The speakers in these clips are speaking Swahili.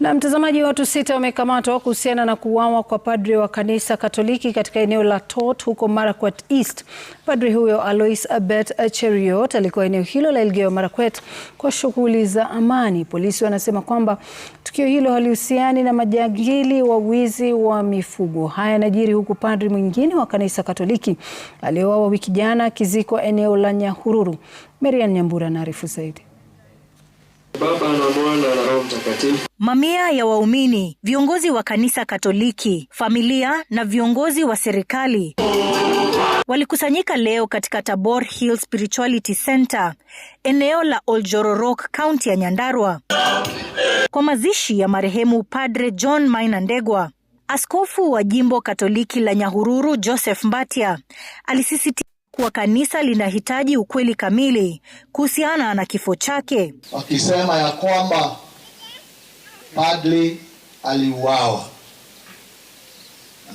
Na mtazamaji, watu sita wamekamatwa kuhusiana na kuuawa kwa padri wa kanisa Katoliki katika eneo la Tot huko Marakwet East. Padri huyo Alois Abet Cheriot alikuwa eneo hilo la Elgeyo Marakwet kwa shughuli za amani. Polisi wanasema kwamba tukio hilo halihusiani na majangili wa wizi wa mifugo. Haya yanajiri huku padri mwingine wa kanisa Katoliki aliyeuawa wiki jana akizikwa eneo la Nyahururu. Marian Nyambura anaarifu zaidi. Baba. Mtakatifu. Mamia ya waumini, viongozi wa kanisa Katoliki, familia na viongozi wa serikali walikusanyika leo katika Tabor Hill Spirituality Center, eneo la Oljororok, kaunti ya Nyandarua kwa mazishi ya marehemu Padre John Maina Ndegwa. Askofu wa jimbo Katoliki la Nyahururu Joseph Mbatia alisisitiza kuwa kanisa linahitaji ukweli kamili kuhusiana na kifo chake, akisema ya kwamba padri aliuawa.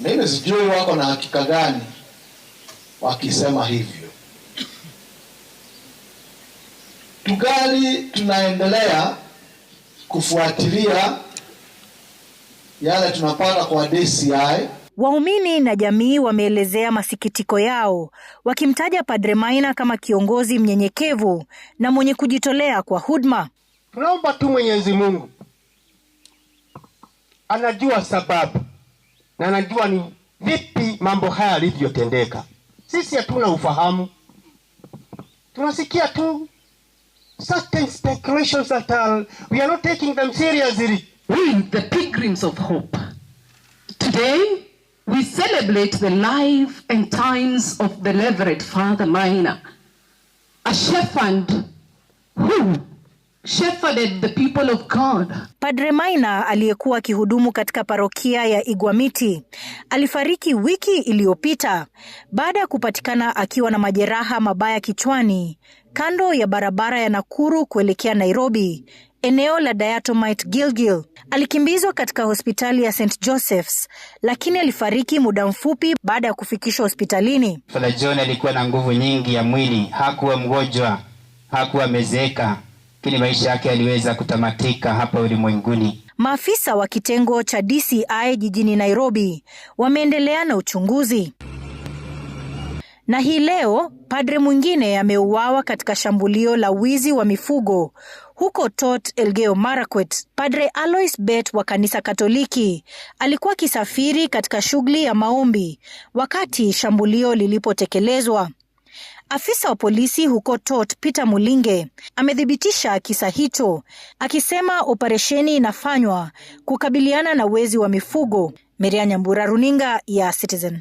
Mimi sijui wako na hakika gani wakisema hivyo. tugali tunaendelea kufuatilia yale tunapata kwa DCI. Waumini na jamii wameelezea masikitiko yao wakimtaja Padre Maina kama kiongozi mnyenyekevu na mwenye kujitolea kwa huduma. Tunaomba tu Mwenyezi Mungu anajua sababu na anajua ni vipi mambo haya yalivyotendeka. Sisi hatuna ufahamu, tunasikia tu certain speculations that are, we are not taking them seriously. We the pilgrims of hope today we celebrate the life and times of the Father Maina, a shepherd shepherded the people of God. Padre Maina aliyekuwa akihudumu katika parokia ya Igwamiti alifariki wiki iliyopita baada ya kupatikana akiwa na majeraha mabaya kichwani kando ya barabara ya Nakuru kuelekea Nairobi, eneo la Diatomite Gilgil. Alikimbizwa katika hospitali ya St Joseph's, lakini alifariki muda mfupi baada ya kufikishwa hospitalini. Father John alikuwa na nguvu nyingi ya mwili, hakuwa mgonjwa, hakuwa amezeeka lakini maisha yake yaliweza kutamatika hapa ulimwenguni. Maafisa wa kitengo cha DCI jijini Nairobi wameendelea na uchunguzi, na hii leo padre mwingine ameuawa katika shambulio la wizi wa mifugo huko Tot, Elgeyo Marakwet. Padre Alois Bet wa kanisa Katoliki alikuwa akisafiri katika shughuli ya maombi wakati shambulio lilipotekelezwa. Afisa wa polisi huko Tot Peter Mulinge amethibitisha kisa hicho akisema operesheni inafanywa kukabiliana na wezi wa mifugo. Meria Nyambura, runinga ya Citizen.